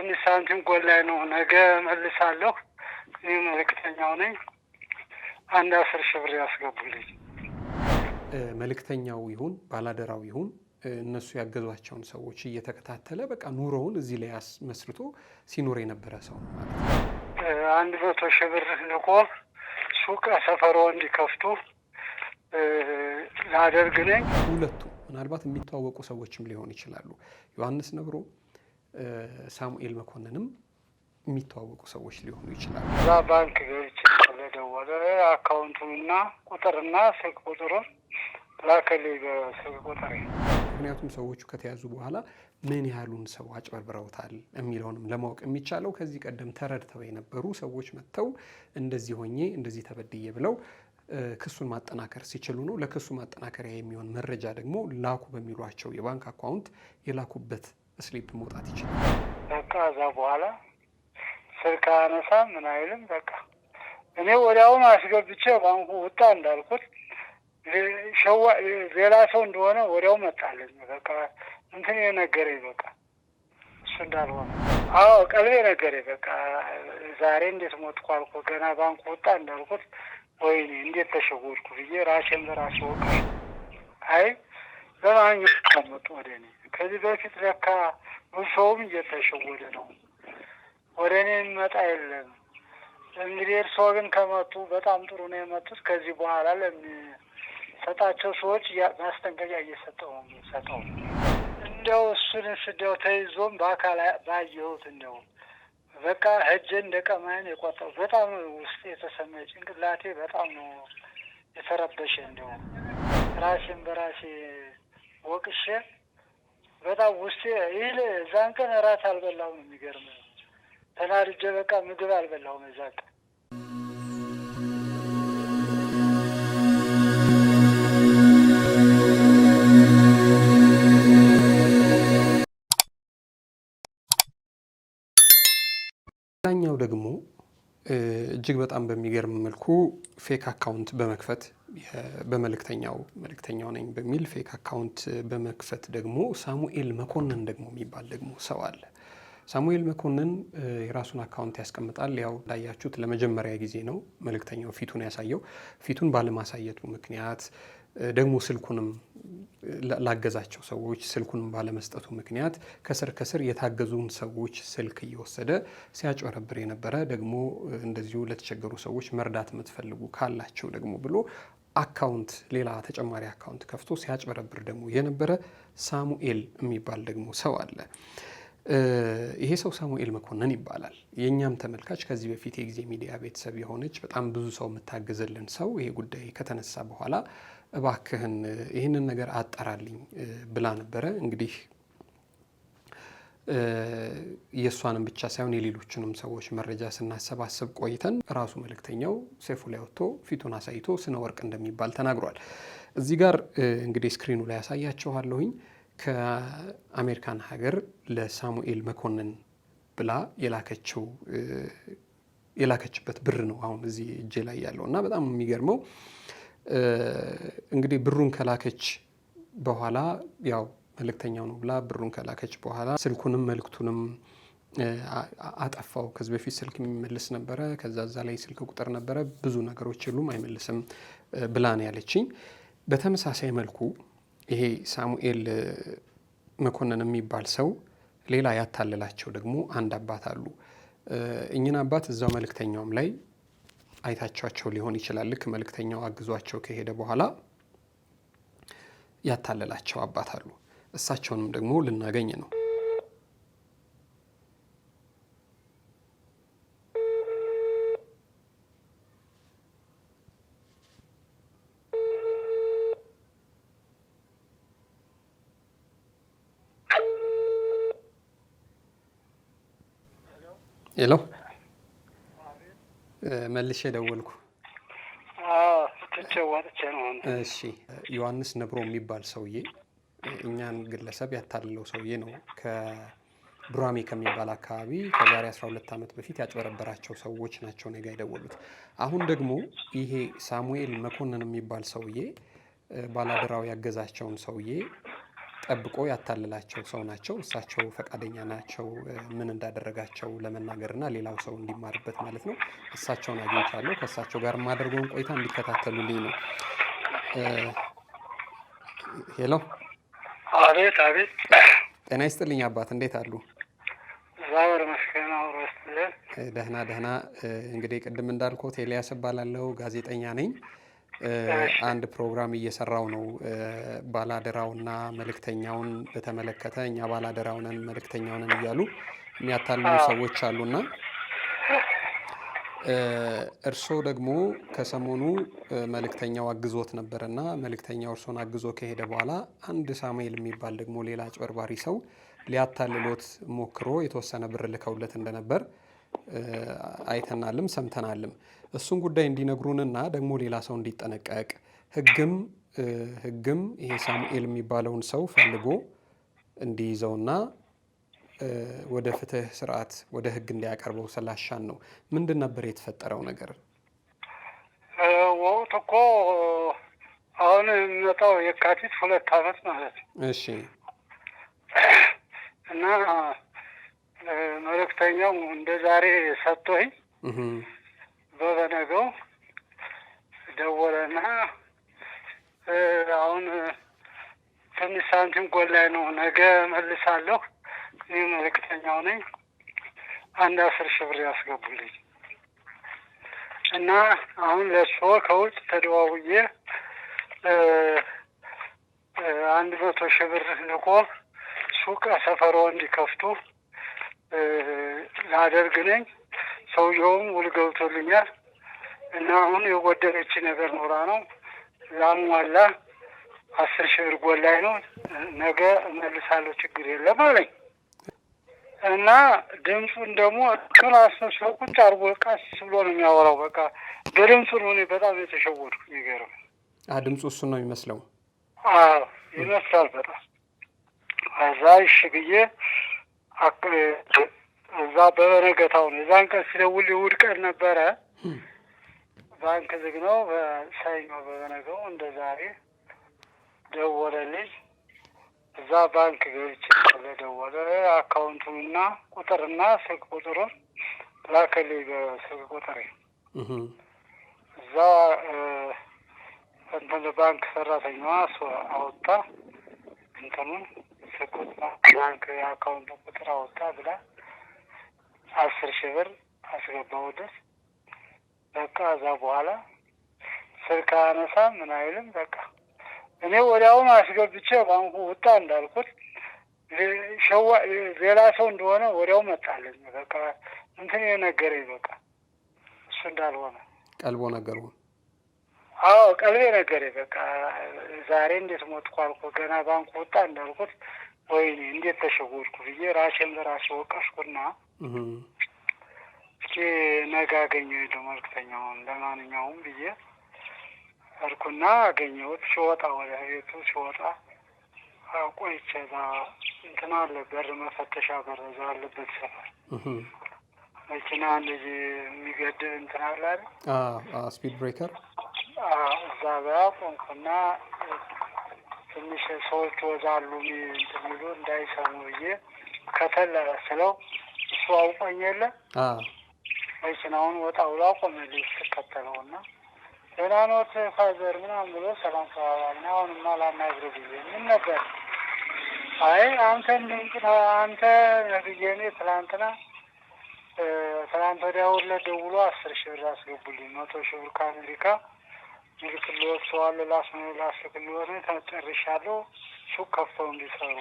ትንሽ ሳንቲም ጎላይ ነው። ነገ መልሳለሁ። እኔ መልእክተኛው ነኝ። አንድ አስር ሺህ ብር ያስገቡልኝ። መልእክተኛው ይሁን ባላደራው ይሁን እነሱ ያገዟቸውን ሰዎች እየተከታተለ በቃ ኑሮውን እዚህ ላይ አስመስርቶ ሲኖር የነበረ ሰው ነው ማለት ነው። አንድ መቶ ሺህ ብር ልቆ ሱቅ ሰፈሮ እንዲከፍቱ ላደርግ ነኝ። ሁለቱ ምናልባት የሚተዋወቁ ሰዎችም ሊሆን ይችላሉ። ዮሐንስ ነብሮ ሳሙኤል መኮንንም የሚተዋወቁ ሰዎች ሊሆኑ ይችላሉ። እዛ ባንክ ገብቼ ስለደወለ አካውንቱንና ቁጥርና ስልክ ቁጥሩን ላከሌ በስልክ ቁጥር። ምክንያቱም ሰዎቹ ከተያዙ በኋላ ምን ያህሉን ሰው አጭበርብረውታል የሚለውንም ለማወቅ የሚቻለው ከዚህ ቀደም ተረድተው የነበሩ ሰዎች መጥተው እንደዚህ ሆኜ እንደዚህ ተበድዬ ብለው ክሱን ማጠናከር ሲችሉ ነው። ለክሱ ማጠናከሪያ የሚሆን መረጃ ደግሞ ላኩ በሚሏቸው የባንክ አካውንት የላኩበት ስሊፕ መውጣት ይችላል። በቃ እዛ በኋላ ስልክ አነሳ ምን አይልም። በቃ እኔ ወዲያውኑ አስገብቼ ባንኩ ውጣ እንዳልኩት ሸዋ ሌላ ሰው እንደሆነ ወዲያው መጣለኝ። በቃ እንትን የነገረኝ በቃ እሱ እንዳልሆነ አዎ ቀልቤ ነገረኝ። በቃ ዛሬ እንዴት ሞትኩ አልኩ። ገና ባንኩ ውጣ እንዳልኩት ወይኔ እንዴት ተሸወድኩ ብዬ ራሴን በራሴ ወቃ አይ በማግኘት ከመጡ ወደ እኔ ከዚህ በፊት ለካ ብሶውም እየተሸወደ ነው። ወደ እኔ የሚመጣ የለም። እንግዲህ እርስዎ ግን ከመጡ በጣም ጥሩ ነው የመጡት። ከዚህ በኋላ ለሚሰጣቸው ሰዎች ማስጠንቀቂያ እየሰጠው የሚሰጠው። እንደው እሱን ስደው ተይዞም በአካል ባየሁት እንደው በቃ ህጀ እንደ ቀማይን የቆጠው በጣም ውስጥ የተሰማ ጭንቅላቴ በጣም ነው የተረበሸ። እንደው ራሴን በራሴ ወቅሼ በጣም ውስጤ ይህ እዛን ቀን እራት አልበላሁም። የሚገርም ተናድጄ በቃ ምግብ አልበላሁም እዛን ቀን። ኛው ደግሞ እጅግ በጣም በሚገርም መልኩ ፌክ አካውንት በመክፈት በመልእክተኛው መልእክተኛው ነኝ በሚል ፌክ አካውንት በመክፈት ደግሞ ሳሙኤል መኮንን ደግሞ የሚባል ደግሞ ሰው አለ። ሳሙኤል መኮንን የራሱን አካውንት ያስቀምጣል። ያው እንዳያችሁት ለመጀመሪያ ጊዜ ነው መልእክተኛው ፊቱን ያሳየው። ፊቱን ባለማሳየቱ ምክንያት ደግሞ ስልኩንም ላገዛቸው ሰዎች ስልኩንም ባለመስጠቱ ምክንያት ከስር ከስር የታገዙን ሰዎች ስልክ እየወሰደ ሲያጭበረብር የነበረ ደግሞ እንደዚሁ ለተቸገሩ ሰዎች መርዳት የምትፈልጉ ካላቸው ደግሞ ብሎ አካውንት ሌላ ተጨማሪ አካውንት ከፍቶ ሲያጭበረብር ደግሞ የነበረ ሳሙኤል የሚባል ደግሞ ሰው አለ። ይሄ ሰው ሳሙኤል መኮንን ይባላል። የእኛም ተመልካች ከዚህ በፊት የጊዜ ሚዲያ ቤተሰብ የሆነች በጣም ብዙ ሰው የምታግዝልን ሰው ይሄ ጉዳይ ከተነሳ በኋላ እባክህን ይህንን ነገር አጣራልኝ ብላ ነበረ። እንግዲህ የእሷንም ብቻ ሳይሆን የሌሎችንም ሰዎች መረጃ ስናሰባስብ ቆይተን ራሱ መልእክተኛው ሰይፉ ላይ ወጥቶ ፊቱን አሳይቶ ስነ ወርቅ እንደሚባል ተናግሯል። እዚህ ጋር እንግዲህ ስክሪኑ ላይ ያሳያችኋለሁኝ ከአሜሪካን ሀገር ለሳሙኤል መኮንን ብላ የላከችው የላከችበት ብር ነው አሁን እዚህ እጄ ላይ ያለው እና በጣም የሚገርመው እንግዲህ ብሩን ከላከች በኋላ ያው መልእክተኛው ነው ብላ ብሩን ከላከች በኋላ ስልኩንም መልእክቱንም አጠፋው። ከዚህ በፊት ስልክ የሚመልስ ነበረ። ከዛ እዛ ላይ ስልክ ቁጥር ነበረ። ብዙ ነገሮች የሉም አይመልስም ብላ ነው ያለችኝ። በተመሳሳይ መልኩ ይሄ ሳሙኤል መኮንን የሚባል ሰው ሌላ ያታለላቸው ደግሞ አንድ አባት አሉ። እኝን አባት እዛው መልእክተኛውም ላይ አይታቸቸው ሊሆን ይችላል። ልክ መልእክተኛው አግዟቸው ከሄደ በኋላ ያታለላቸው አባት አሉ። እሳቸውንም ደግሞ ልናገኝ ነው። ሄሎ መልሼ ደወልኩ። እሺ ዮሐንስ ነብሮ የሚባል ሰውዬ እኛን ግለሰብ ያታልለው ሰውዬ ነው ከዱራሜ ከሚባል አካባቢ ከዛሬ 12 ዓመት በፊት ያጭበረበራቸው ሰዎች ናቸው ነገ የደወሉት። አሁን ደግሞ ይሄ ሳሙኤል መኮንን የሚባል ሰውዬ ባላደራው ያገዛቸውን ሰውዬ ጠብቆ ያታልላቸው ሰው ናቸው። እሳቸው ፈቃደኛ ናቸው ምን እንዳደረጋቸው ለመናገርና ሌላው ሰው እንዲማርበት ማለት ነው። እሳቸውን አግኝቻለሁ። ከእሳቸው ጋር የማደርገውን ቆይታ እንዲከታተሉልኝ ነው። ሄሎ። አቤት፣ አቤት። ጤና ይስጥልኝ አባት፣ እንዴት አሉ? መስከና ደህና፣ ደህና። እንግዲህ ቅድም እንዳልኩት ኤልያስ እባላለሁ፣ ጋዜጠኛ ነኝ። አንድ ፕሮግራም እየሰራው ነው። ባላደራውና መልእክተኛውን በተመለከተ እኛ ባላደራውነን መልእክተኛውነን እያሉ የሚያታልሉ ሰዎች አሉና እርስዎ ደግሞ ከሰሞኑ መልእክተኛው አግዞት ነበርና መልእክተኛው እርስዎን አግዞ ከሄደ በኋላ አንድ ሳሙኤል የሚባል ደግሞ ሌላ አጭበርባሪ ሰው ሊያታልሎት ሞክሮ የተወሰነ ብር ልከውለት እንደነበር አይተናልም ሰምተናልም። እሱን ጉዳይ እንዲነግሩንና ደግሞ ሌላ ሰው እንዲጠነቀቅ ህግም ህግም ይሄ ሳሙኤል የሚባለውን ሰው ፈልጎ እንዲይዘውና ወደ ፍትህ ስርዓት ወደ ህግ እንዲያቀርበው ስላሻን ነው። ምንድን ነበር የተፈጠረው ነገር? ወቅት እኮ አሁን የሚመጣው የካቲት ሁለት አመት ማለት ነው። እሺ እና መልእክተኛው እንደ ዛሬ ሰጥቶኝ በበነገው ደወለና አሁን ትንሽ ሳንቲም ጎላይ ነው፣ ነገ መልሳለሁ። ይህ መልእክተኛው ነኝ፣ አንድ አስር ሺህ ብር ያስገቡልኝ እና አሁን ለእሱ ከውጭ ተደዋውዬ አንድ መቶ ሺህ ብር ሱቅ ሰፈሮ እንዲከፍቱ ላደርግ ነኝ። ሰውየውም ውል ገብቶልኛል እና አሁን የጎደለች ነገር ኖራ ነው ላሟላ አስር ሺህ ብር ጎላይ ነው ነገ እመልሳለሁ ችግር የለም አለኝ እና ድምፁን ደግሞ ክላስ ነው ቁጭ አርጎ ቀስ ብሎ ነው የሚያወራው። በቃ በድምፁ ነው እኔ በጣም የተሸወድኩ። የሚገርም ድምፁ እሱን ነው የሚመስለው ይመስላል በጣም አዛ እሺ ብዬ እዛ በበረገታው ነው። እዛን ቀን ሲደውል እሑድ ቀን ነበረ። ባንክ ዝግ ነው። በሰኞ በበነገው እንደ ዛሬ ደወለ ልጅ እዛ ባንክ ገብቼ ደወለ። አካውንቱንና ቁጥርና ስልክ ቁጥሩን ላከልኝ። በስልክ ቁጥሬ እዛ እንትን ባንክ ሰራተኛዋ አወጣ እንትኑን የሰጡት ነው። ባንክ አካውንት ቁጥር አወጣ ብላ አስር ሺህ ብር አስገባሁለት። በቃ እዛ በኋላ ስልክ አነሳ ምን አይልም። በቃ እኔ ወዲያውኑ አስገብቼ ባንኩ ውጣ እንዳልኩት ሌላ ሰው እንደሆነ ወዲያው መጣለኝ። በቃ እንትን የነገረኝ በቃ እሱ እንዳልሆነ ቀልቦ ነገር አዎ ቀልቤ ነገር በቃ ዛሬ እንዴት ሞትኩ አልኩ። ገና ባንኩ ወጣ እንዳልኩት ወይኔ እንዴት ተሸወድኩ ብዬ ራሴን ለራሴ ወቀስኩና እስኪ ነገ አገኘው ሄደ መልክተኛውን ለማንኛውም ብዬ እርኩና አገኘሁት። ሲወጣ ወደ ቤቱ ሲወጣ ቆይቼ እዛ እንትን አለ በር መፈተሻ በር እዛ አለበት ሰፈር መኪና እንደዚህ የሚገድብ እንትን አለ አይደል ስፒድ ብሬከር እዛ ጋር ቆንኩና ትንሽ ሰዎች ወዳሉ ሚሉ እንዳይሰሙ ብዬ ከተለረ ስለው እሱ አውቆኝ የለ መኪናውን ወጣ ብሎ አቆመልኝ። ስከተለውና ደህና ኖት ፋዘር ምናምን ብሎ ሰላም ተባባልን። አሁንማ ላናግርህ ብዬ ምን ነበር አይ አንተ አንተ ነግዬ እኔ ትላንትና ትላንት ወዲያ ሁለት ደውሎ አስር ሺህ ብር አስገቡልኝ መቶ ሺህ ብር ከአሜሪካ ምልክልዎት ሰዋለ ላስልክልዎት ተጨርሻለሁ። ሱቅ ከፍተው እንዲሰሩ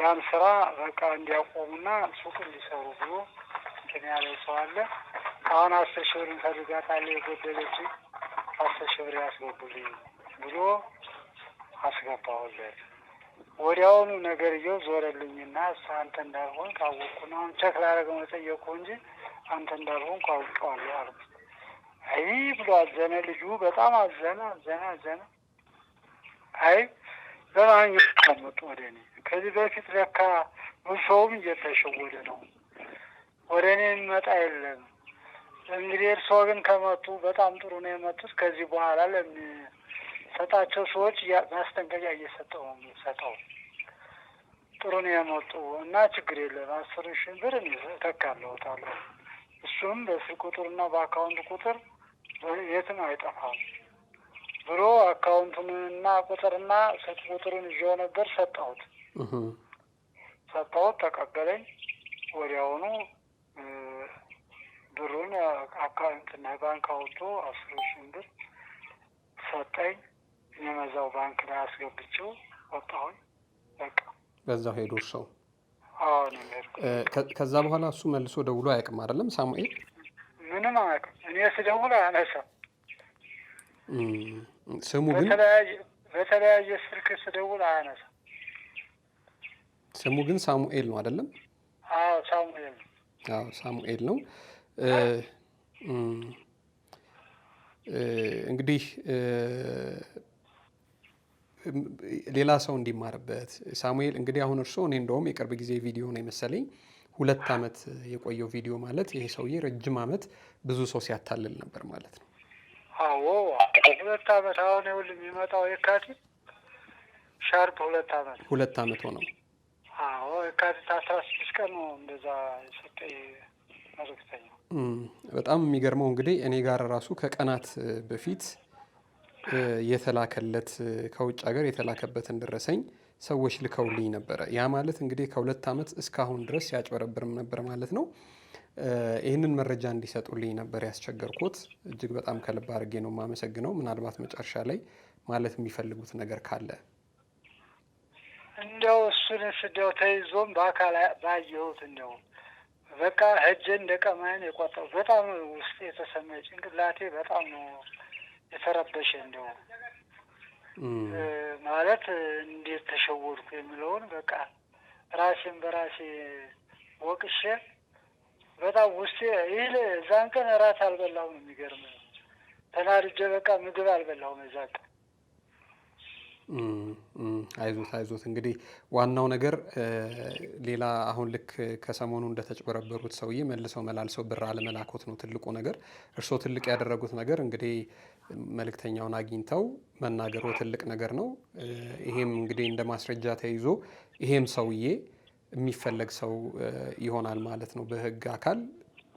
ያን ስራ በቃ እንዲያቆሙና ሱቅ እንዲሰሩ ብሎ እንትን ያለ ሰው አለ። አሁን አስር ሺህ ብር እንፈልጋታለን የጎደለች አስር ሺህ ብር ያስገቡልኝ ብሎ አስገባሁለት። ወዲያውኑ ነገርየው ዞረልኝና አንተ እንዳልሆን ካወቅኩ ነው አሁን ቸክ ላደረገ መጠየቁ እንጂ አንተ እንዳልሆን ካውቀዋለሁ አልኩት። አይ ብሎ አዘነ። ልጁ በጣም አዘነ አዘነ አዘነ። አይ በማኝ መጡ ወደ እኔ። ከዚህ በፊት ለካ ሰውም እየተሸወደ ነው ወደ እኔ የሚመጣ የለም። እንግዲህ እርስዎ ግን ከመጡ በጣም ጥሩ ነው የመጡት። ከዚህ በኋላ ለሚሰጣቸው ሰዎች ማስጠንቀቂያ እየሰጠው ሰጠው። ጥሩ ነው የመጡ እና ችግር የለም አስር ሺህ ብር እተካለሁታለሁ። እሱም በስልክ ቁጥርና በአካውንት ቁጥር የትም አይጠፋም ብሎ አካውንቱንና ቁጥርና ስልክ ቁጥሩን ይዞ ነበር። ሰጠሁት ሰጠሁት ተቀበለኝ። ወዲያውኑ ብሩን አካውንትና ባንክ አውጥቶ አስር ሺህ ብር ሰጠኝ። የመዛው ባንክ ላይ አስገብቼው ወጣሁኝ። በቃ በዛው ሄዶ ሰው ከዛ በኋላ እሱ መልሶ ደውሎ አያውቅም አይደለም ሳሙኤል ምንም አያውቅም። እኔ ስደውል አያነሳም። ስሙ ግን በተለያየ ስልክ ስደውል አያነሳም። ስሙ ግን ሳሙኤል ነው አይደለም? አዎ ሳሙኤል ነው። አዎ ሳሙኤል ነው። እንግዲህ ሌላ ሰው እንዲማርበት ሳሙኤል እንግዲህ አሁን እርስዎ እኔ እንደውም የቅርብ ጊዜ ቪዲዮ ነው የመሰለኝ ሁለት ዓመት የቆየው ቪዲዮ ማለት ይሄ ሰውዬ ረጅም ዓመት ብዙ ሰው ሲያታልል ነበር ማለት ነው። አዎ ሁለት ዓመት አሁን ይኸውልህ የሚመጣው የካቲት ሻርፕ ሁለት ዓመት ሁለት ዓመት ሆነው። አዎ የካቲት አስራ ስድስት ቀን ነው እንደዛ የሰጠኝ መልእክተኛው። በጣም የሚገርመው እንግዲህ እኔ ጋር ራሱ ከቀናት በፊት የተላከለት ከውጭ ሀገር የተላከበትን ደረሰኝ ሰዎች ልከውልኝ ነበረ። ያ ማለት እንግዲህ ከሁለት ዓመት እስካሁን ድረስ ያጭበረብርም ነበር ማለት ነው። ይህንን መረጃ እንዲሰጡልኝ ነበር ያስቸገርኩት። እጅግ በጣም ከልብ አድርጌ ነው የማመሰግነው። ምናልባት መጨረሻ ላይ ማለት የሚፈልጉት ነገር ካለ እንደው እሱንስ እንደው ተይዞም በአካል ባየሁት እንደው በቃ ህጅ እንደ ቀማን የቆጠው በጣም ውስጥ የተሰማ ጭንቅላቴ በጣም ነው የተረበሸ እንደው ማለት እንዴት ተሸወድኩ የሚለውን በቃ ራሴን በራሴ ወቅሼ በጣም ውስጤ ይህ እዛን ቀን እራት አልበላሁም። የሚገርም ተናድጄ በቃ ምግብ አልበላሁም እዛ ቀን። አይዞት አይዞት። እንግዲህ ዋናው ነገር ሌላ አሁን ልክ ከሰሞኑ እንደተጭበረበሩት ሰውዬ መልሰው መላልሰው ብር አለመላኮት ነው ትልቁ ነገር። እርስዎ ትልቅ ያደረጉት ነገር እንግዲህ መልእክተኛውን አግኝተው መናገሩ ትልቅ ነገር ነው። ይሄም እንግዲህ እንደ ማስረጃ ተይዞ ይሄም ሰውዬ የሚፈለግ ሰው ይሆናል ማለት ነው በህግ አካል።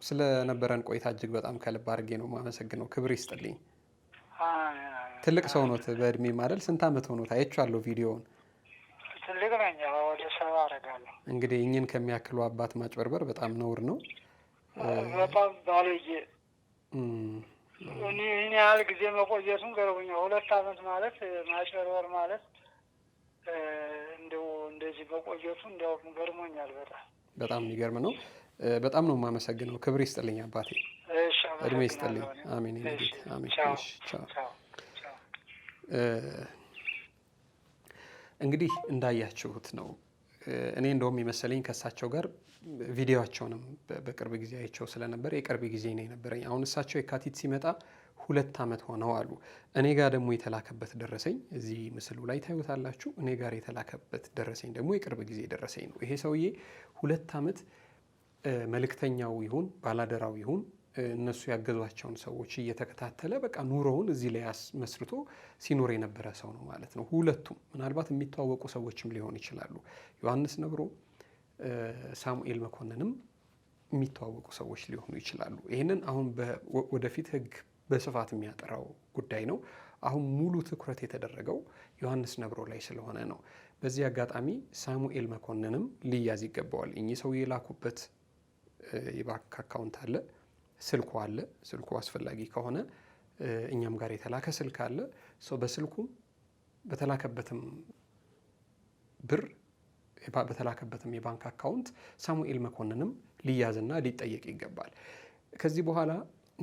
ስለነበረን ቆይታ እጅግ በጣም ከልብ አድርጌ ነው የማመሰግነው። ክብር ይስጥልኝ። ትልቅ ሰው ኖት በእድሜ ማደል። ስንት ዓመት ሆኖት? አይቼዋለሁ ቪዲዮውን። ትልቅ ነኝ፣ ወደ ሰባ አደርጋለሁ። እንግዲህ እኝን ከሚያክሉ አባት ማጭበርበር በጣም ነውር ነው። በጣም እኔ ይህን ያህል ጊዜ መቆየቱን ገረቡኛ ሁለት አመት ማለት ማጭበርበር ማለት እንደው እንደዚህ መቆየቱ እንዲያውም ገርሞኛል። በጣም በጣም የሚገርም ነው። በጣም ነው የማመሰግነው። ክብር ይስጥልኝ አባቴ፣ እድሜ ይስጥልኝ። አሜን ጌት እንግዲህ እንዳያችሁት ነው እኔ እንደውም የመሰለኝ ከእሳቸው ጋር ቪዲዮቸውንም በቅርብ ጊዜ አይቸው ስለነበረ የቅርብ ጊዜ ነው የነበረኝ። አሁን እሳቸው የካቲት ሲመጣ ሁለት ዓመት ሆነው አሉ። እኔ ጋር ደግሞ የተላከበት ደረሰኝ እዚህ ምስሉ ላይ ታዩታላችሁ። እኔ ጋር የተላከበት ደረሰኝ ደግሞ የቅርብ ጊዜ ደረሰኝ ነው። ይሄ ሰውዬ ሁለት ዓመት መልእክተኛው ይሁን ባላደራው ይሁን እነሱ ያገዟቸውን ሰዎች እየተከታተለ በቃ ኑሮውን እዚህ ላይ መስርቶ ሲኖር የነበረ ሰው ነው ማለት ነው። ሁለቱም ምናልባት የሚተዋወቁ ሰዎችም ሊሆን ይችላሉ። ዮሐንስ ነብሮ፣ ሳሙኤል መኮንንም የሚተዋወቁ ሰዎች ሊሆኑ ይችላሉ። ይህንን አሁን ወደፊት ህግ በስፋት የሚያጠራው ጉዳይ ነው። አሁን ሙሉ ትኩረት የተደረገው ዮሐንስ ነብሮ ላይ ስለሆነ ነው። በዚህ አጋጣሚ ሳሙኤል መኮንንም ሊያዝ ይገባዋል። እኚህ ሰው የላኩበት የባንክ አካውንት አለ ስልኩ አለ። ስልኩ አስፈላጊ ከሆነ እኛም ጋር የተላከ ስልክ አለ። ሰው በስልኩም በተላከበትም ብር በተላከበትም የባንክ አካውንት ሳሙኤል መኮንንም ሊያዝና ሊጠየቅ ይገባል። ከዚህ በኋላ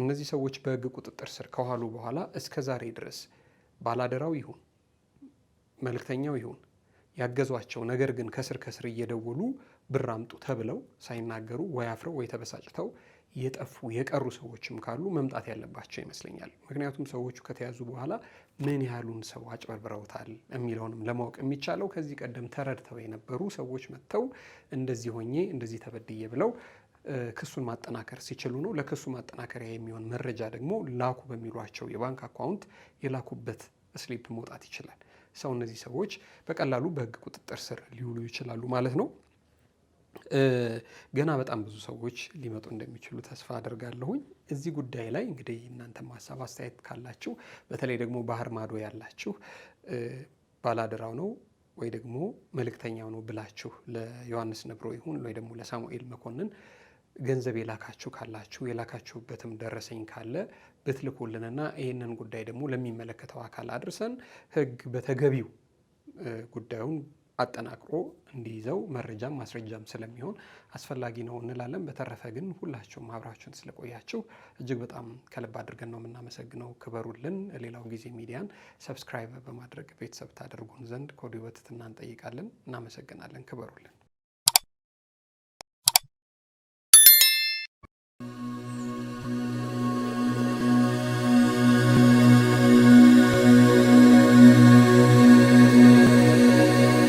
እነዚህ ሰዎች በህግ ቁጥጥር ስር ከዋሉ በኋላ እስከ ዛሬ ድረስ ባላደራው ይሁን መልእክተኛው ይሁን ያገዟቸው ነገር ግን ከስር ከስር እየደወሉ ብር አምጡ ተብለው ሳይናገሩ ወይ አፍረው ወይ ተበሳጭተው የጠፉ የቀሩ ሰዎችም ካሉ መምጣት ያለባቸው ይመስለኛል። ምክንያቱም ሰዎቹ ከተያዙ በኋላ ምን ያህሉን ሰው አጭበርብረውታል የሚለውንም ለማወቅ የሚቻለው ከዚህ ቀደም ተረድተው የነበሩ ሰዎች መጥተው እንደዚህ ሆኜ እንደዚህ ተበድዬ ብለው ክሱን ማጠናከር ሲችሉ ነው። ለክሱ ማጠናከሪያ የሚሆን መረጃ ደግሞ ላኩ በሚሏቸው የባንክ አካውንት የላኩበት ስሊፕ መውጣት ይችላል። ሰው እነዚህ ሰዎች በቀላሉ በህግ ቁጥጥር ስር ሊውሉ ይችላሉ ማለት ነው። ገና በጣም ብዙ ሰዎች ሊመጡ እንደሚችሉ ተስፋ አድርጋለሁኝ። እዚህ ጉዳይ ላይ እንግዲህ እናንተም ሀሳብ አስተያየት ካላችሁ በተለይ ደግሞ ባህር ማዶ ያላችሁ ባላደራው ነው ወይ ደግሞ መልእክተኛው ነው ብላችሁ ለዮሐንስ ነብሮ ይሁን ወይ ደግሞ ለሳሙኤል መኮንን ገንዘብ የላካችሁ ካላችሁ የላካችሁበትም ደረሰኝ ካለ ብትልኩልንና ይህንን ጉዳይ ደግሞ ለሚመለከተው አካል አድርሰን ሕግ በተገቢው ጉዳዩን አጠናክሮ እንዲይዘው መረጃም ማስረጃም ስለሚሆን አስፈላጊ ነው እንላለን። በተረፈ ግን ሁላችሁም አብራችሁን ስለቆያችሁ እጅግ በጣም ከልብ አድርገን ነው የምናመሰግነው። ክበሩልን። ሌላው ጊዜ ሚዲያን ሰብስክራይብ በማድረግ ቤተሰብ ታደርጉን ዘንድ ከወዲሁ በትህትና እንጠይቃለን። እናመሰግናለን። ክበሩልን።